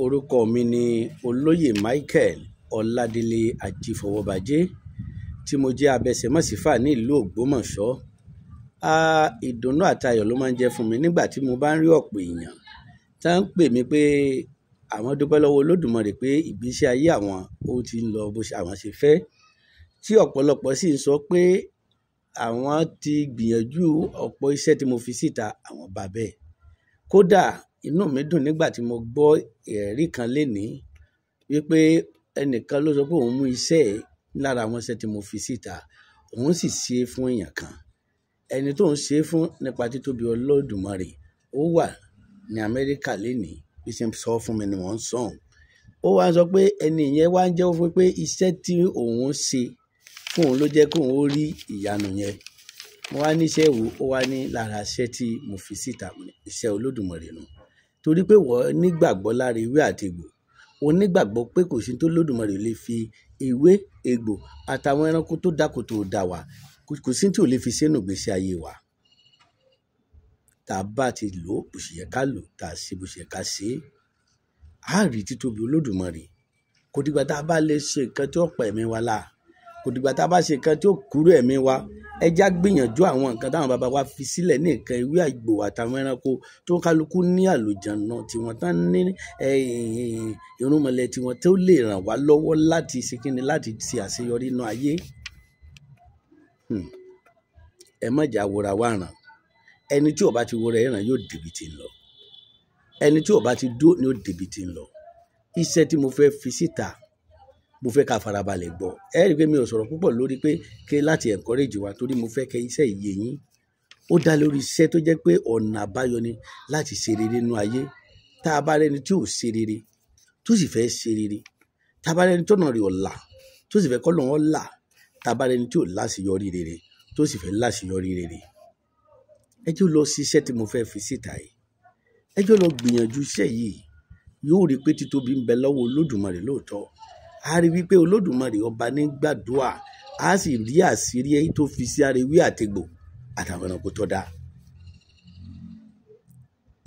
Orúkọ mi ni Olóyè Michael Ọládélé Ajífọwọ́bajẹ́ tí mo jẹ́ abẹsẹ̀mọ́sífà ní ìlú Ògbómọ̀ṣọ́. A, ìdùnnú àti ayọ̀ ló máa ń jẹ́ fún mi nígbà tí mo bá ń rí ọ̀pọ̀ èèyàn tí wọ́n ń pè mí pé àwọn dúpẹ́ lọ́wọ́ Olódùmarè pé ìgbésí ayé àwọn ó ti ń lọ bó àwọn ṣe fẹ́, tí ọ̀pọ̀lọpọ̀ sì ń sọ pé àwọn ti gbìyànjú ọ̀pọ̀ iṣẹ́ tí mo fi síta àwọn bà Kódà Inú mi dùn nígbà tí mo gbọ́ ẹ̀rí kan lénìí wípé ẹnìkan ló sọ pé òun mú iṣẹ́ lára àwọn iṣẹ́ tí mo fi síta, òun sì ṣe é fún èèyàn kan. Ẹni tó ń ṣe é fún nípa títóbi Olódùmarè, ó wà ní Amẹ́ríkà lénìí, bí ṣe sọ fún mi ni mò ń sọ òun. Ó wá sọ pé ẹni yẹn wá ń jẹ́wọ́ fún pé iṣẹ́ tí òun ṣe fún òun ló jẹ́ kó òun rí ìyanu yẹn. Mo wá ní wo? Ó wá ní lára iṣẹ́ tí mo fi síta, iṣẹ́ Olódùmarè nù torí pé ìwọ nígbàgbọ́ lára ewé àti egbò o nígbàgbọ́ pé kò sí tó lódùmarè lè fi ewé egbò àtàwọn ẹranko tó dáko tó dà wá kò sí tí ò lè fi sínú ìgbésí ayé wa tá a bá ti lò ó bó ṣe yẹ ká lò tá a ṣe bó ṣe yẹ ká ṣe é á rí títóbi olódùmarè kò dìgbà tá a bá lè ṣe nǹkan tí ó pa ẹ̀mí wa la kò dìgbà tá a bá ṣe nǹkan tí ó kúrò ẹ̀mí wa ẹja gbìyànjú àwọn nǹkan táwọn bàbá wa fi sílẹ̀ ní nǹkan ewé àgbò àtàwọn ẹranko tó kálukú ní àlùjànnà tiwọn tán ní irúnmọlẹ̀ tiwọn tó lè ràn wá lọ́wọ́ láti ṣe kíni láti ṣe àṣeyọrí inú ayé hmm. ẹ má jà wòra wá ràn ẹni tí ò ti wòra ẹ yóò débi tí lọ ẹni tí ò ti dúró ni ó débi tí lọ iṣẹ́ tí mo fẹ́ fi síta. Si mo fẹ́ ká farabalẹ̀ gbọ́ ẹ rí i pé mi ò sọ̀rọ̀ púpọ̀ lórí pé ké láti encourage wa torí mo fẹ́ kẹ iṣẹ́ ìyè yín ó dá lórí iṣẹ́ tó jẹ́ pé ọ̀nà àbáyọ ni láti ṣe rere nínú ayé tá a bá rẹni tí ò ṣe rere tó sì fẹ́ ṣe rere tá a bá rẹni tọ́nà rẹ̀ ọ̀la tó sì fẹ́ kọ́ lọ́wọ́ là tá a bá rẹni tí ò láṣeyọrí rere tó sì fẹ́ láṣeyọrí rere ẹ jẹ́ lọ ṣiṣẹ́ tí mo fẹ́ fi síta yìí ẹ jẹ́ lọ gbìyànjú iṣẹ́ yìí yóò rí i pé títóbi ń bẹ lọ́wọ́ Olódùmarè lóòótọ́ Ari rí wípé olódùmarè ọba ní gbàdúrà a sì rí àṣírí èyí tó fi sí ariwí àtegbò àtàwọn ẹranko tó dáa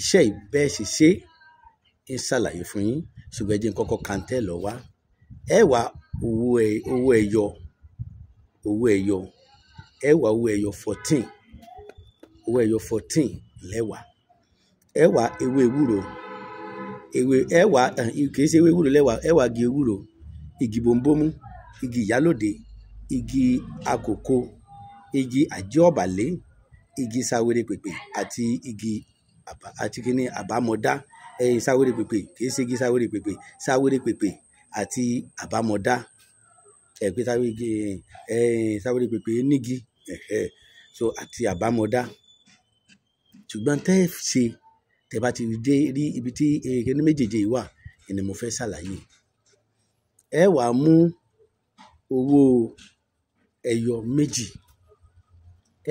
iṣẹ́ ìbẹ́ẹ̀ ṣe ṣe ń ṣàlàyé fún yín ṣùgbọ́n ẹjẹ́ kọ́kọ́ kàńtẹ́ lọ wá ẹ owó ẹyọ owó ẹyọ ẹ owó ẹyọ fourteen owó ẹyọ fourteen lẹ́wà ẹ wá ewé ewúro ewé ẹ wá kì í ṣe ewé ewúro lẹ́wà ẹ wá ewúro igi bombomu, igi ìyálòde, igi akòko, igi àjẹ́ọ̀bàlé, igi sawerépèpè àti igi àbá àti kíni àbámọ̀dá. Ẹyin sawerépèpè kì í ṣe igi sawerépèpè, sawerépèpè àti àbámọ̀dá. Ẹ pé sáré igi ẹyin sawerépèpè nígi ẹ̀hẹ̀ so àti àbámọ̀dá. Ṣùgbọ́n tẹ́ ẹ ṣe, tẹ bá ti dé rí ibi tí eh, kíni méjèèjì yìí wà, ni mo fẹ́ ṣàlàyé ẹ wàá mú owó ẹyọ méjì,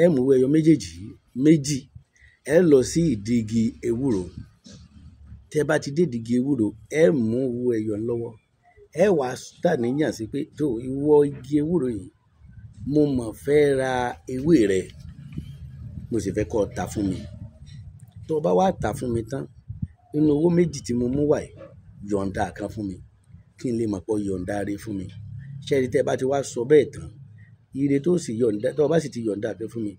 ẹ mú owó ẹyọ méjèèjì méjì, ẹ lọ sí ìdí igi ewúro. Tẹ bá ti dé ìdí igi ewúro, ẹ mú owó ẹyọ lọ́wọ́. Ẹ wàá dàníyàn sí pé, tó ìwọ igi ewúro yìí, mo mọ̀ fẹ́ ra ewé rẹ, mo sì fẹ́ kó ta fún mi. Tó bá wá ta fún mi tán, nínú owó méjì tí mo mú wá yọ̀ǹda kan fún mi kí n lè mọ̀ pé yọ̀ǹda rẹ fún mi ṣẹ́ni tẹ́ bá ti wá sọ bẹ́ẹ̀ tán ire tó sì yọ̀ǹda tó bá sì ti yọ̀ǹda rẹ fún mi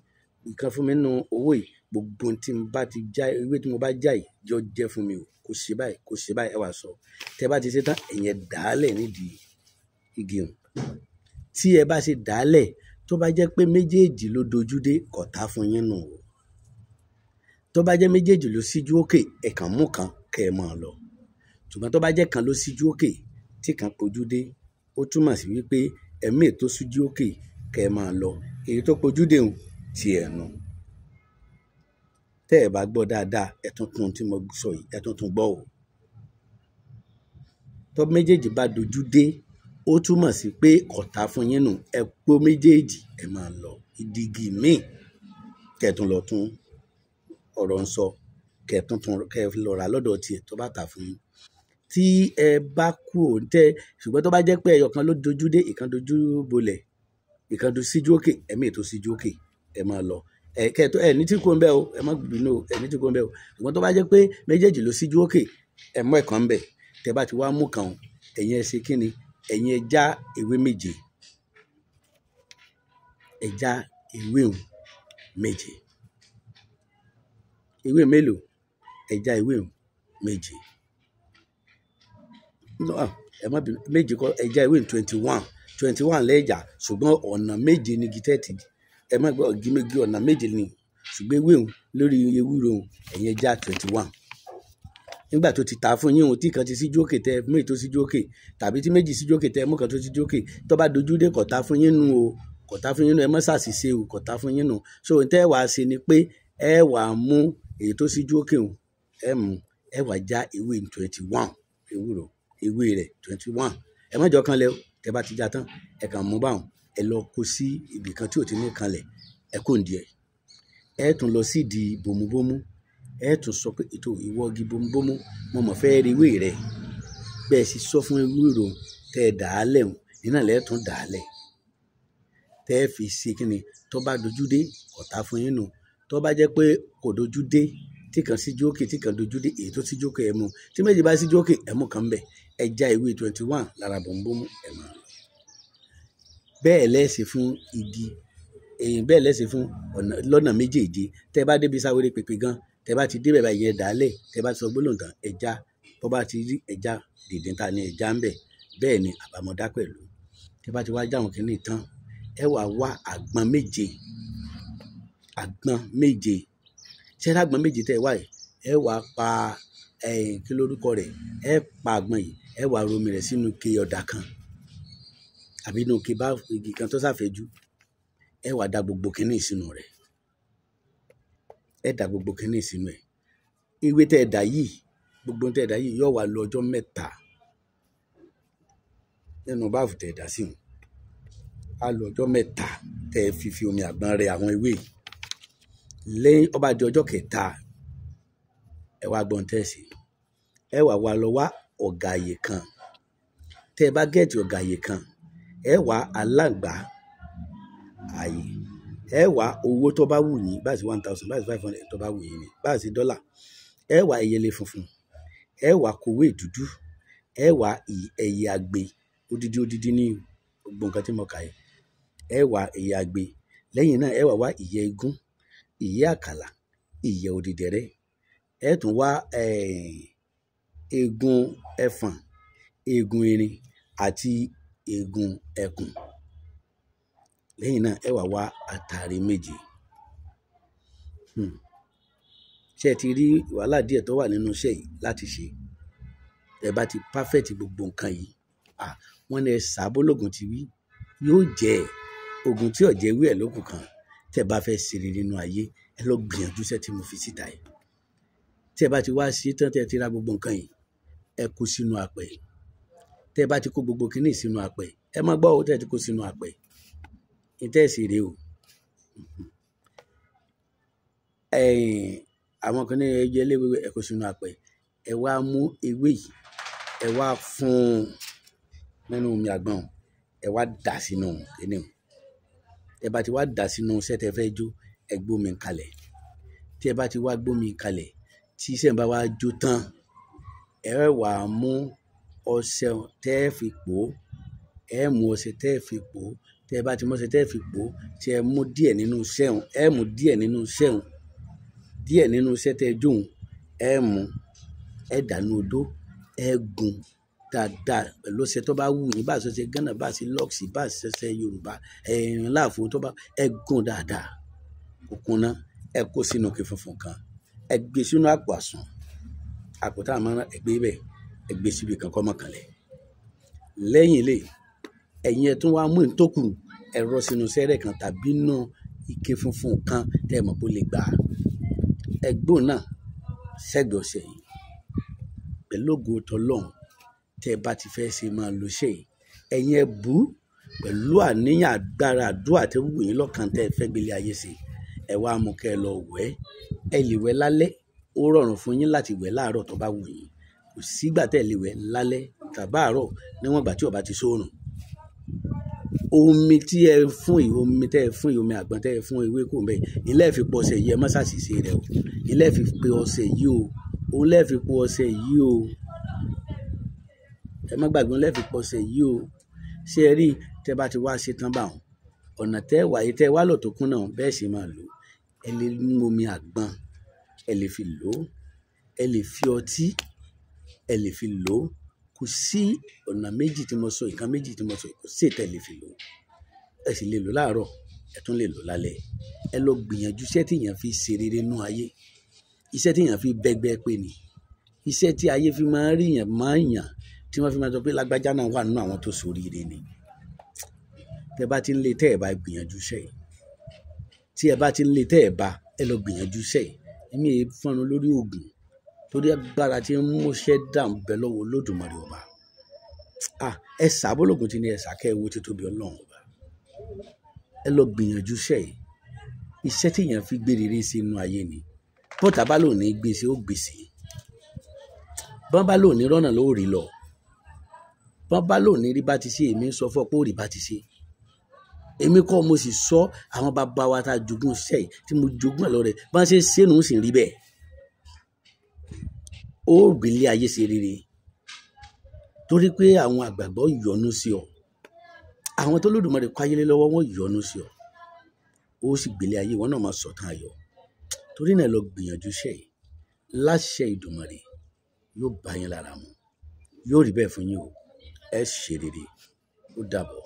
nǹkan fún mi nínú owó yìí gbogbo tí mo bá ti já ewé tí mo bá já yìí jọ jẹ́ fún mi o kò ṣe báyìí kò ṣe báyìí ẹ wà sọ tẹ́ bá ti ṣe tán ẹ̀yẹn dàálẹ̀ nídìí igi hàn tí ẹ bá ṣe dàálẹ̀ tó bá jẹ́ pé méjèèjì ló dojú dé kọ̀tá fún yín nù o tó bá jẹ́ méjèèjì ló síjú òkè ẹ̀kan mú kan kẹ́ ẹ máa lọ ṣùgbọ́n tó bá jẹ́ kan ló síjú òkè tí kan pojú dé ó túmọ̀ sí wípé ẹ̀mí ètò sújú òkè kẹ́ ẹ máa lọ èyí tó pojú dé òun ti ẹ̀nu. tẹ́ ẹ bá gbọ́ dáadáa ẹ tún tún tí mo sọ yìí ẹ tún tún gbọ́ o. tọ́ méjèèjì bá dojú dé ó túmọ̀ sí pé kọ̀tà fún yín nù ẹ pò méjèèjì ẹ máa lọ ìdígì míì kẹtùn lọ tún ọ̀rọ̀ ń sọ kẹtùn tún kẹ lọ́ra lọ́dọ̀ tiẹ̀ tó bá tà fún yín tí ẹ bá kú ò ń tẹ́ ṣùgbọ́n tó bá jẹ́ pé ẹyọ kan ló dojú dé ìkan dojú bolẹ̀ ìkan dojú síjú òkè ẹ̀mí ètò síjú òkè ẹ máa lọ ẹ kẹtọ ẹ ní tí kò ń bẹ o ẹ má bínú o ẹ ní tí kò ń bẹ o ṣùgbọ́n tó bá jẹ́ pé méjèèjì ló síjú òkè ẹ mọ ẹ̀kan ń bẹ tẹ bá ti wá mú kan ẹ̀yin ẹ ṣe kí ni ẹ̀yin ẹ já méje ẹ já méje ewé mélòó ẹ já méje. Ah, ẹ má bínú méje kọ ẹja ìwé twenty one twenty one lẹ́jà ṣùgbọ́n ọ̀nà méje ni gítẹ́ẹ̀tì ẹ má gbọ́ gímégí ọ̀nà méje ni ṣùgbọ́n ewé òun lórí ewúro òun ẹ̀yìn ẹja twenty one nígbà tó ti tà á fún yín òun tí kan ti síjú òkè tẹ méjì tó síjú òkè tàbí tí méjì síjú òkè tẹ mú kan tó síjú òkè tó bá dojú dé kọ̀tà fún yín nu o kọ̀tà fún yín nu ẹ mọ́ ṣàṣìṣe o kọ̀tà fún yín nu so ohun tẹ́ ẹ ṣe ni pé ẹ wàá mú èyí tó síjú òkè òun ẹ mú ẹ wàá já ewé twenty one ewúro ewé rẹ̀ twenty one ẹ má jọ kanlẹ̀ o tẹ bá ti já tán ẹ kàn mú báwọn ẹ lọ kó sí ibì kan tí ò ti ní kanlẹ̀ ẹ kò ń díẹ̀ ẹ tún lọ sí di bòmúbòmú ẹ tún sọ pé ètò ìwọ́gi bòmúbòmú mo mọ̀ fẹ́ rí ewé rẹ̀ bẹ́ẹ̀ sì sọ fún ewé rò tẹ́ ẹ dà á lẹ̀ o nínú ẹ̀ tún dà á lẹ̀ tẹ́ fi ṣe kí ni tó bá dojú dé ọ̀tá fún yín nù tó bá jẹ́ pé kò dojú dé tí kan síjú òkè tí kan dojú dé èyí tó síjú òkè ẹ̀ mú tí méjì bá síjú òkè ẹ̀ mú kan bẹ̀ ẹja ìwé twenty one lára bọ̀m̀bọ̀mù ẹ̀ máa lọ. bẹ́ẹ̀ lẹ́sìn fún igi èyàn bẹ́ẹ̀ lẹ́sìn fún lọ́nà méjèèje tẹ́ bá débi sáwéré pèpè gan tẹ́ bá ti débẹ̀ bá yẹn dàálẹ̀ tẹ́ bá ti sọ gbólóhùn tán ẹja bọ́ bá ti rí ẹja dìndín ta ni ẹja ń bẹ̀ bẹ́ẹ̀ ni àbámọ́dá pẹ̀lú tẹ́ bá ti wá jáwọn kìíní tán ẹ wà wá àgbọn méje àgbọn méje ṣẹ́rẹ́ àgbọn méje tẹ́ ẹ wá yìí ẹ wà pa kí lórúkọ rẹ̀ ẹ pa àgbọn yìí ẹ wà romi rẹ̀ sínú ike ọ̀dà kan àbí inú ike bá igi kan tó ṣàfẹ́jú ẹ wà da gbogbo kínní sínú rẹ̀ ẹ da gbogbo kínní sínú ẹ̀ ewé tẹ́ ẹ dà yìí gbogbo tẹ́ ẹ dà yìí yóò wà lọ ọjọ́ mẹ́ta nínú báàfù tẹ́ ẹ sí wọn a lọ ọjọ́ mẹ́ta tẹ́ ẹ omi àgbọn rẹ àwọn ewé yìí ọba di ọjọ́ kẹta ẹ wá gbọ́n tẹ́ ẹ sí ẹ wà wá lọ wá ọ̀gà àyè kan tẹ́ ẹ bá gẹ́ẹ̀tì ọ̀gà àyè kan ẹ wá alágbà àyè ẹ wá owó tó bá wù yín báyìí sí one thousand báyìí sí five hundred tó bá wù yín ni báyìí sí dọ́là ẹ wá ẹyẹlé funfun ẹ wá kòwé dúdú ẹ wá ẹyẹ àgbè odidi odidi ní gbogbo nǹkan tí mo kà yìí ẹ wá ẹyẹ àgbè lẹ́yìn náà ẹ wá wá ìyẹ́ igún ìyẹ́ àkàlà ìyẹ́ òdìdẹ̀rẹ́ ẹ tún wá ẹ̀ẹ́ eegun ẹfọ̀n eegun irin àti eegun ẹkùn lẹ́yìn náà ẹ wá wá àtàrí méje hmm. ṣe ti rí wàhálà díẹ̀ tó wà nínú iṣẹ́ yìí láti ṣe ẹ bá ti perfect gbogbo nǹkan yìí wọ́n ní ẹ sàbólógùn ti wí yóò jẹ́ ogun tí ọ̀jẹ̀ wí ẹ̀ lókù kan tẹ́ bá fẹ́ ṣeré nínú ayé ẹ lọ gbìyànjú iṣẹ́ tí mo fi síta yìí tẹ́ bá ti wá sí tán tẹ́ ti ra gbogbo nǹkan yìí ẹ kó sínú àpẹ̀ tẹ́ bá ti kó gbogbo kínní sínú àpẹ̀ ẹ má gbọ́ owó tẹ́ ẹ ti kó sínú àpẹ̀ ìtẹ́sí rèé o àwọn kan ní ẹjẹ eléwé ẹ kó sínú àpẹ̀ ẹ wá mú ewé yìí ẹ wá fún un nínú omi àgbọn ẹ wá dà sínú kínní o ẹ bá ti wá dà sínú sẹ́tẹ̀ fẹ́ jó ẹ gbómi kalẹ̀ tí bá ti wá gbómi kalẹ̀ tí iṣẹ́ ń bá wá jó tán ẹ wàá mú ọṣẹ tẹ́ ẹ fi pò ó, ẹ mú ọṣẹ tẹ́ ẹ fi pò ó. Tẹ bá ti mú ọṣẹ tẹ́ ẹ fi pò ó, tí ẹ mú díẹ̀ nínú iṣẹ́ hun, ẹ mú díẹ̀ nínú iṣẹ́ hun, díẹ̀ nínú iṣẹ́ tẹ jó hun, ẹ mú, ẹ dà nínú odó, ẹ gún dáadáa pẹ̀lú ọṣẹ tó bá wù yín. Bá ṣe ọṣẹ Ghana, bá ṣe Lux, bá ṣe Yorùbá, ẹ̀yin láàfo tó bá, ẹ gún dáadáa. Kó kúná, ẹ kó sínú ike funfun kan, ẹ gbé sínú àpò àsun àpótá àmọ́ràn ẹgbẹ́ bẹ̀ ẹgbẹ́ síbi kankan mọ̀kànlẹ̀ lẹ́yìn ilé ẹ̀yin ẹ̀ tún wá mú ìtókù ẹ̀rọ sínú sẹ́rẹ̀ kan tàbí nù ike funfun kan tẹ́ ẹ mọ̀ pé ó lè gbà á ẹgbó náà sẹ́gbẹ̀ ọ̀sẹ̀ yìí pẹ̀lú ògo tẹ́ ẹ bá ti fẹ́ ṣe máa lo ṣe yìí ẹ̀yin ẹ̀ bú pẹ̀lú àníyàn agbára àdúrà tẹ́ wù lọ́kàn tẹ́ ẹ fẹ́ gbélé ayé ṣe ẹ wá mú kẹ́ ẹ lọ wẹ̀ ẹ lè wẹ̀ lálẹ́ ó rọrùn fún yín láti wẹ̀ láàárọ̀ tó bá wù yín kò sígbà tẹ́ lè wẹ̀ lálẹ́ tàbí àárọ̀ níwọ̀n ìgbà tí ó bá ti sóòrùn. Omi tí ẹ fún yìí, omi tẹ́ ẹ fún yìí, omi àgbọn tẹ́ ẹ fún ewé kò mẹ́, ilé ẹ̀ fi po ọṣẹ yìí ẹ má ṣàṣìṣe rẹ̀ o. Ilé ẹ̀ fi po ọṣẹ yìí o. Òun lẹ́ fi po ọṣẹ yìí o. Ẹ má gbàgbé òun lẹ́ fi po ọṣẹ yìí o. Ṣé ẹ rí tẹ bá ti wá ṣe tán bá Ọ̀nà tẹ́ wà yìí tẹ́ tó kún náà bẹ́ẹ̀ sì máa lò. Ẹ lè mú omi àgbọn ẹ lè fi lò ó ẹ lè fi ọtí ẹ lè fi lò ó kò sí ọ̀nà méjì tí mo sọ ìkan méjì tí mo sọ kò sí ètò ẹ lè fi lò ó ẹ sì lè lò ó láàárọ̀ ẹ tún lè lò ó lálẹ́ ẹ lọ gbìyànjú iṣẹ́ tí èèyàn fi ṣe rere nú ayé iṣẹ́ tí èèyàn fi bẹ́gbẹ́ pé ni iṣẹ́ tí ayé fi máa ń rí yàn máa ń yàn tí wọ́n fi máa sọ pé lágbájá náà wà nínú àwọn tó ṣoríire ni tẹ bá ti ń le tẹ ẹ bá gbìyànjú iṣẹ́ yìí tí ẹ bá ti ń le tẹ ẹ bá ẹ lọ gbìyànjú iṣẹ́ yìí èmi èyí e fọ́nrán lórí oògùn torí agbára tí ń múṣẹ́ dà ń bẹ lọ́wọ́ Olódùmarè ọba ẹ sàbọ̀lọ̀gùn ti ní ẹ sàkẹ́ ewu títóbi Ọlọ́run ọba ẹ lọ gbìyànjú iṣẹ́ yìí iṣẹ́ tí èèyàn fi gbé rere sí inú ayé ni bọ́tà bá lòun ní gbèsè ó gbèsè bọ́n bá lòun ní rọ́nà ló lọ bọ́n bá lòun ní rí bá ti ṣe èmi ń sọ fún pé ó rí bá ti ṣe èmi kọ́ mo sì sọ àwọn bàbá wa tá a jogún iṣẹ́ yìí tí mo jogún ẹ̀ lọ rẹ̀ bá ń ṣe sẹ́nu sì rí bẹ́ẹ̀ ó gbélé ayé ṣe rere torí pé àwọn àgbàgbọ́ yọ́nú sí ọ àwọn tó lódùmarè kó ayé lé lọ́wọ́ wọn yọ́nú sí ọ ó sì gbélé ayé wọn náà máa sọ̀tàn ayọ̀ torí náà lọ gbìyànjú iṣẹ́ yìí láṣẹ ìdùmarè yóò bá yín lára mu yóò rí bẹ́ẹ̀ fún yín o ẹ ṣe rere ó dàbọ̀.